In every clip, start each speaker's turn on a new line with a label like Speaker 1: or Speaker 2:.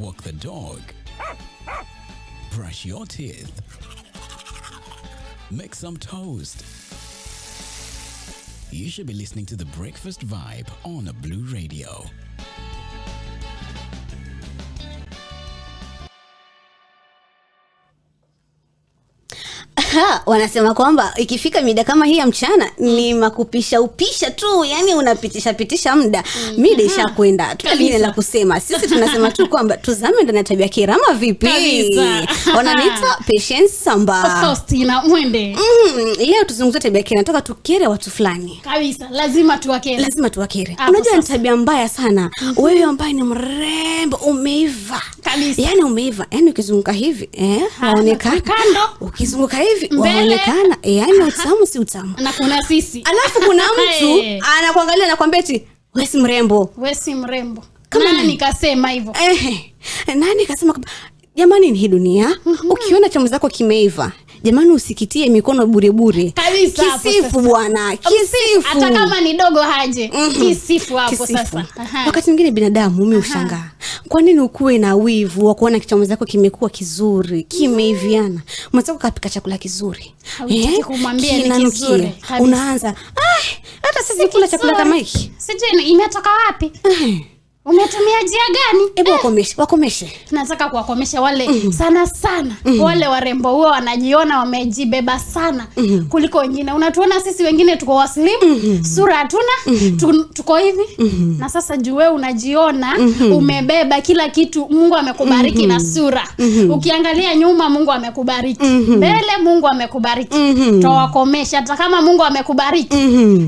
Speaker 1: walk the dog, brush your teeth, make some toast. You should be listening to the Breakfast Vibe on a Blue Radio. ha, wanasema kwamba ikifika mida kama hii ya mchana mm. ni makupisha upisha tu, yani unapitisha pitisha muda mm. mida mm-hmm. ishakwenda, tutavile la kusema sisi tunasema tu kwamba tuzame ndani ya tabia kirama vipi, wananiita Patience Samba Mm, leo tuzungumze tabia kira, nataka tukere watu fulani
Speaker 2: kabisa, lazima tuwakere,
Speaker 1: lazima tuwakere. Unajua ni tabia mbaya sana mm-hmm. wewe ambaye ni mrembo umeiva kabisa, yani umeiva, yani ukizunguka hivi eh, haonekana kando, ukizunguka hivi waonekana, eh, yani utamu si utamu.
Speaker 2: Na kuna sisi,
Speaker 1: alafu kuna mtu anakuangalia anakuambia eti wewe si mrembo,
Speaker 2: wewe si mrembo. Kama nani kasema hivyo?
Speaker 1: Eh, nani kasema? Jamani, ni hii dunia. mm -hmm. Ukiona chamu zako kimeiva jamani, usikitie mikono bure bure.
Speaker 2: Kabisa
Speaker 1: kisifu bwana, kisifu hata
Speaker 2: kama ni dogo haje. mm -hmm. Kisifu hapo sasa.
Speaker 1: Wakati mwingine binadamu mimi ushangaa, kwa nini ukuwe na wivu wa kuona kichwa chako kimekuwa kizuri kimeiviana, Mwanzo kapika chakula kizuri
Speaker 2: eh, kumwambia ni kizuri,
Speaker 1: unaanza "Ah, hata sisi kula chakula kama hiki,
Speaker 2: sijui imetoka wapi eh. Umetumia njia gani?
Speaker 1: Hebu eh. wakomeshe, wakomeshe.
Speaker 2: Nataka kuwakomesha wale mhm. sana sana mhm. wale warembo huo wanajiona wamejibeba sana mhm. kuliko wengine. Unatuona sisi wengine tuko waslimu sura hatuna tuko hivi na sasa juu wewe unajiona umebeba kila kitu. Mungu amekubariki na sura ukiangalia nyuma, Mungu amekubariki mbele Mungu amekubariki mm. tawakomesha. Hata kama Mungu amekubariki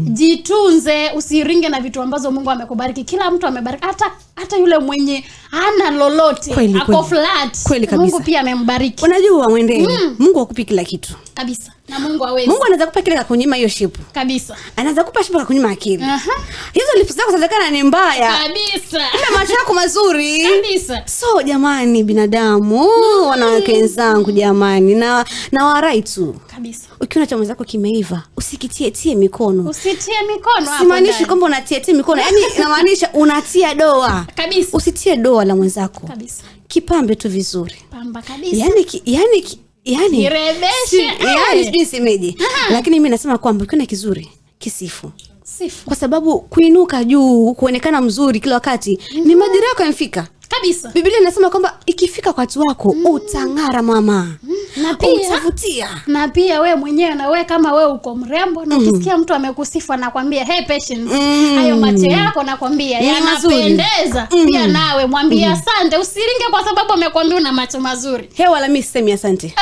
Speaker 2: jitunze, usiringe na vitu ambazo Mungu amekubariki. Kila mtu amebariki Chak hata yule mwenye ana lolote kweli, ako kweli. flat kweli kabisa. Mungu pia amembariki.
Speaker 1: Unajua mwende mm. Mungu akupi kila kitu
Speaker 2: kabisa, na Mungu hawezi.
Speaker 1: Mungu anaweza kupa kile kakunyima hiyo ship. kabisa, anaweza kupa ship kakunyima akili. Aha, hizo lips zako zinawezekana ni mbaya kabisa, ila macho yako mazuri kabisa. So jamani, binadamu mm. wanawake wenzangu, jamani, na na warai tu kabisa. Ukiona chama zako kimeiva, usikitie tie mikono,
Speaker 2: usitie mikono. hapo.
Speaker 1: Simaanishi kwamba unatie tie mikono, yani inamaanisha unatia doa kabisa. Usitie doa la mwenzako kabisa. Kipambe tu vizuri,
Speaker 2: pamba kabisa.
Speaker 1: Yani, ki, yani, ki, yani, si,
Speaker 2: yani
Speaker 1: eh. sijui ah. lakini mi nasema kwamba ukiona kizuri kisifu Sifu. Kwa sababu kuinuka juu kuonekana mzuri kila wakati mm. ni mhm. majira yako yamfika kabisa. Biblia inasema kwamba ikifika kwa watu wako mm. utang'ara mama mm na pia
Speaker 2: na pia we mwenyewe na we kama we uko mrembo na mm. ukisikia mtu amekusifu anakwambia hey Patience, mm. hayo macho yako nakwambia yanapendeza, mm. pia nawe mwambie asante, usiringe kwa sababu amekwambia una macho mazuri.
Speaker 1: Hewa la mimi sisemi asante.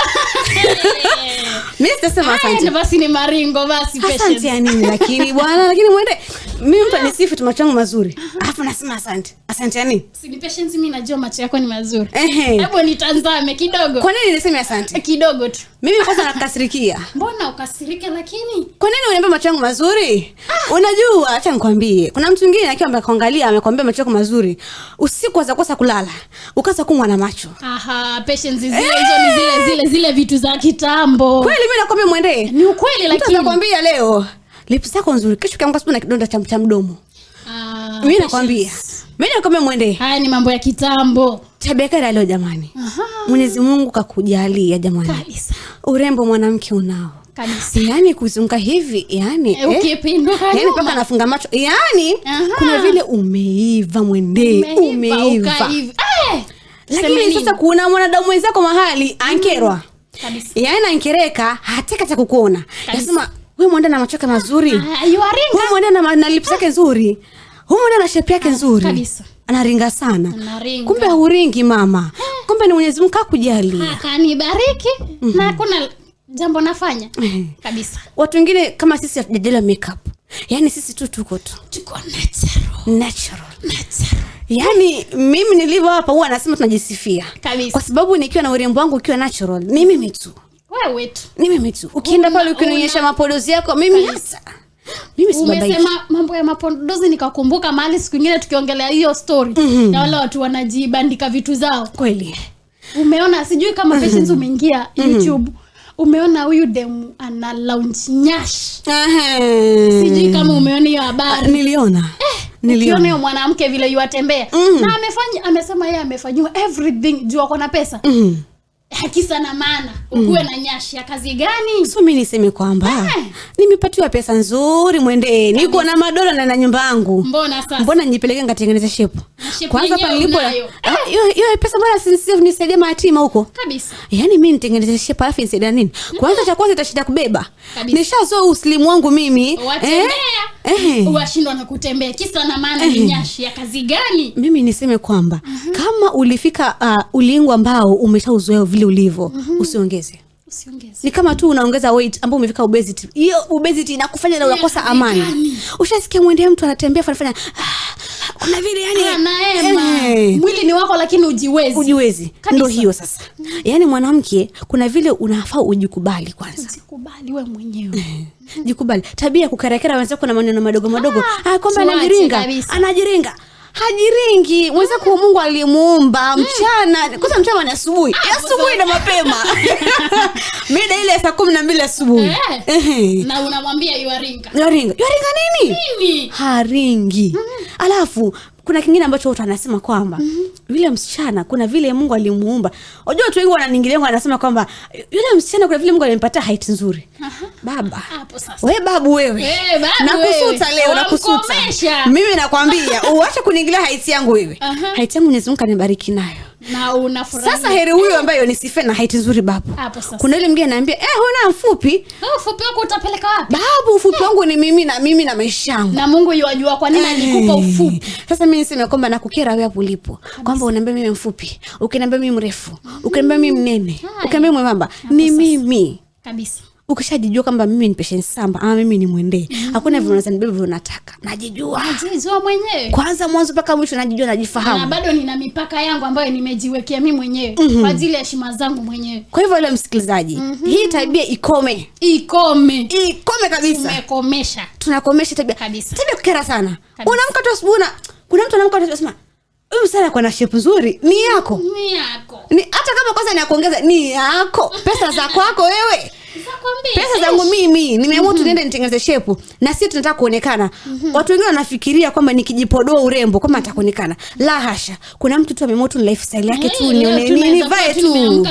Speaker 1: Mimi sitasema asante.
Speaker 2: Basi ni maringo basi Patience.
Speaker 1: Asante ya nini lakini bwana, lakini mwende mimi mtu anisifu tu macho yangu mazuri, alafu nasema asante. Asante yani,
Speaker 2: si ni patience. Mimi najua macho yako ni mazuri, hebu nitanzame kidogo.
Speaker 1: Kwa nini niseme asante
Speaker 2: eh, kidogo tu?
Speaker 1: Mimi kwanza nakasirikia.
Speaker 2: Mbona ukasirike? Lakini
Speaker 1: kwa nini uniambia macho yangu mazuri? ah. Unajua, acha nikwambie, kuna mtu mwingine akiwa amekuangalia amekwambia macho yako mazuri, usiku waza kosa kulala, ukaza kuumwa na macho.
Speaker 2: Aha, patience zile hizo ni zile eh! zile zile vitu za kitambo.
Speaker 1: Kweli mimi nakwambia, muende.
Speaker 2: Ni ukweli, lakini
Speaker 1: nitakwambia leo lips zako nzuri, kesho kiamka sipo na kidonda cha mdomo. Ah, mimi nakwambia mimi nakwambia mwende.
Speaker 2: Haya ni mambo ya kitambo.
Speaker 1: Tabia leo jamani. Mwenyezi Mungu kakujalia jamani. Kabisa. Urembo mwanamke unao. Kabisa. Yaani kuzunguka hivi yani, e,
Speaker 2: ukipindwa eh, eh
Speaker 1: yani mpaka nafunga macho. Yaani kuna vile umeiva mwende. Umeiva. umeiva. Ukaiva. Eh. Lakini sasa kuna mwanadamu mwenzako mahali ankerwa. Mm. Kabisa. Yaani ankereka hataka cha kukuona. Nasema huyu mwenda na machoka ah, mazuri, ah, huyu mwenda na, na lips yake ah. nzuri, huyu mwenda na shape yake nzuri kabisa anaringa sana anaringa. Kumbe huringi mama, kumbe ni Mwenyezi Mungu akujalia
Speaker 2: akanibariki mm -hmm. na kuna jambo nafanya eh. kabisa.
Speaker 1: Watu wengine kama sisi hatujajaliwa makeup, yaani sisi tu tuko tu
Speaker 2: tuko natural
Speaker 1: natural natural. Yaani mimi nilivyo hapa, huwa anasema tunajisifia kwa sababu nikiwa na urembo wangu ukiwa natural ni mimi tu wewe tu. Ni mimi tu. Ukienda pale ukinionyesha mapodozi yako mimi hata. Mimi si babaiki.
Speaker 2: Umesema mambo ya mapodozi nikakumbuka mahali siku nyingine tukiongelea hiyo story. Mm -hmm. Na wale watu wanajibandika vitu zao. Kweli. Umeona sijui kama mm -hmm. patients umeingia mm -hmm. YouTube. Umeona huyu demu ana launch nyash. Sijui kama umeona hiyo habari. Ah, niliona. Eh. Niliona hiyo mwanamke vile yuatembea. Mm Na amefanya amesema yeye amefanywa everything juu ako na pesa. Mm hakisa na maana ukuwe mm. na nyashi ya kazi gani?
Speaker 1: So mimi niseme kwamba eh. nimepatiwa pesa nzuri, mwendeni, niko na madola na na nyumba yangu. Mbona sasa, mbona nijipeleke nikatengeneze shepu kwanza hapa nilipo? Ah, eh. Hiyo hiyo pesa bora sinisi nisaidie mayatima huko kabisa. Yani mimi nitengeneze shepu alafu nisaidia nini? Kwanza mm. cha kwanza itashinda kubeba, nishazoa uslimu wangu mimi watembea eh?
Speaker 2: eh, washindwa na kutembea kisa na maana eh, nyashi ya kazi gani?
Speaker 1: Mimi niseme kwamba uh mhm. -huh. kama ulifika uh, ulingwa ambao umeshauzoea vile ulivyo uh mhm. -huh. usiongeze Usiongeze. Ni kama tu unaongeza weight ambao umefika obesity. Hiyo obesity inakufanya na unakosa amani. Ushasikia mwendea mtu anatembea fanafanya ah, kuna vile yani
Speaker 2: hey. mwili ni wako lakini ujiwezi,
Speaker 1: ujiwezi. Ndo hiyo sasa mm. Yaani mwanamke kuna vile unafaa ujikubali kwanza,
Speaker 2: ujikubali wewe mwenyewe
Speaker 1: jikubali tabia ya kukerakera wenzako na maneno madogo madogo ah, ah kwamba anajiringa
Speaker 2: anajiringa
Speaker 1: hajiringi mweza kuwa mungu alimuumba mchana kwanza mchana ni asubuhi ah, asubuhi na mapema mida ile saa kumi na mbili asubuhi
Speaker 2: eh, na unamwambia yuaringa yuaringa nini
Speaker 1: haringi mm. alafu kuna kingine ambacho watu wanasema kwamba mm -hmm. msichana kuna vile Mungu alimuumba. Unajua watu wengi wananingilia, wanasema kwamba yule msichana kuna vile Mungu alimpatia height nzuri. uh-huh. Baba wewe, babu wewe, hey, eh, nakusuta leo, nakusuta mimi, nakwambia uache kuniingilia height yangu wewe. Height yangu Mwenyezi Mungu nayo sasa heri huyu ambayo ni sife na haiti zuri babu kuna yule mwingine naambia eh huna mfupi
Speaker 2: wewe ufupi wako utapeleka wapi
Speaker 1: babu ufupi wangu ni mimi na mimi na maisha yangu
Speaker 2: na Mungu yajua kwa nini alikupa eh. ufupi
Speaker 1: sasa mimi niseme kwamba nakukera wewe hapo ulipo kwamba unaniambia mimi mfupi ukiniambia mimi mrefu ukiniambia mimi mnene ukiniambia mwemamba ni mimi kabisa ukishajijua kwamba mimi ni pesheni Samba ama mimi ni mwendee mhm. hakuna mm. unaweza nibeba vile unataka, najijua,
Speaker 2: najijua mwenyewe
Speaker 1: kwanza mwanzo mpaka mwisho, najijua, najifahamu na
Speaker 2: bado nina mipaka yangu ambayo nimejiwekea mimi mwenyewe mm -hmm. kwa ajili ya heshima zangu mwenyewe.
Speaker 1: Kwa hivyo yule msikilizaji mm -hmm. hii tabia ikome,
Speaker 2: ikome,
Speaker 1: ikome kabisa,
Speaker 2: tumekomesha,
Speaker 1: tunakomesha tabia
Speaker 2: kabisa, tabia
Speaker 1: kukera sana. Unaamka tu asubuhi, na kuna mtu anaamka tu anasema huyu sana kwa na shepu nzuri ni yako,
Speaker 2: ni yako,
Speaker 1: ni hata kama kwanza ni ya kuongeza, ni yako, pesa za kwako wewe pesa zangu mimi nimeamua tunaenda mhm. nitengeneze shepu na sio tunataka kuonekana mhm. watu wengine wanafikiria kwamba nikijipodoa urembo kwamba atakuonekana mhm. la hasha kuna mtu tu ameamua tu ni lifestyle yake tu nivae tu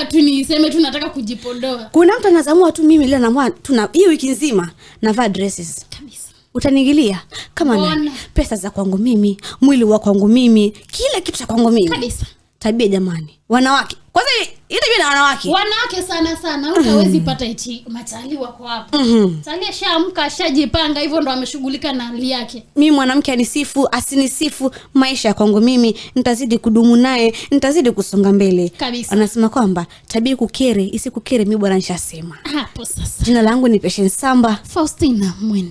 Speaker 1: kuna mtu anazamua tu mimi leo naamua tu hii wiki nzima navaa dresses kabisa kama nani pesa za kwangu mimi mwili wa kwangu mimi kila kitu cha kwangu mimi tabia jamani wanawake kwanza ile na wanawake
Speaker 2: wanawake sana sana utawezi mm-hmm. pata iti matali wako hapo mm-hmm. tali ashaamka ashajipanga hivyo ndo ameshughulika na hali yake
Speaker 1: mimi mwanamke anisifu asinisifu maisha ya kwangu mimi nitazidi kudumu naye nitazidi kusonga mbele kabisa anasema kwamba tabia kukere isikukere mi bwana nishasema
Speaker 2: hapo sasa
Speaker 1: jina langu ni Patience Samba
Speaker 2: Faustina Mwen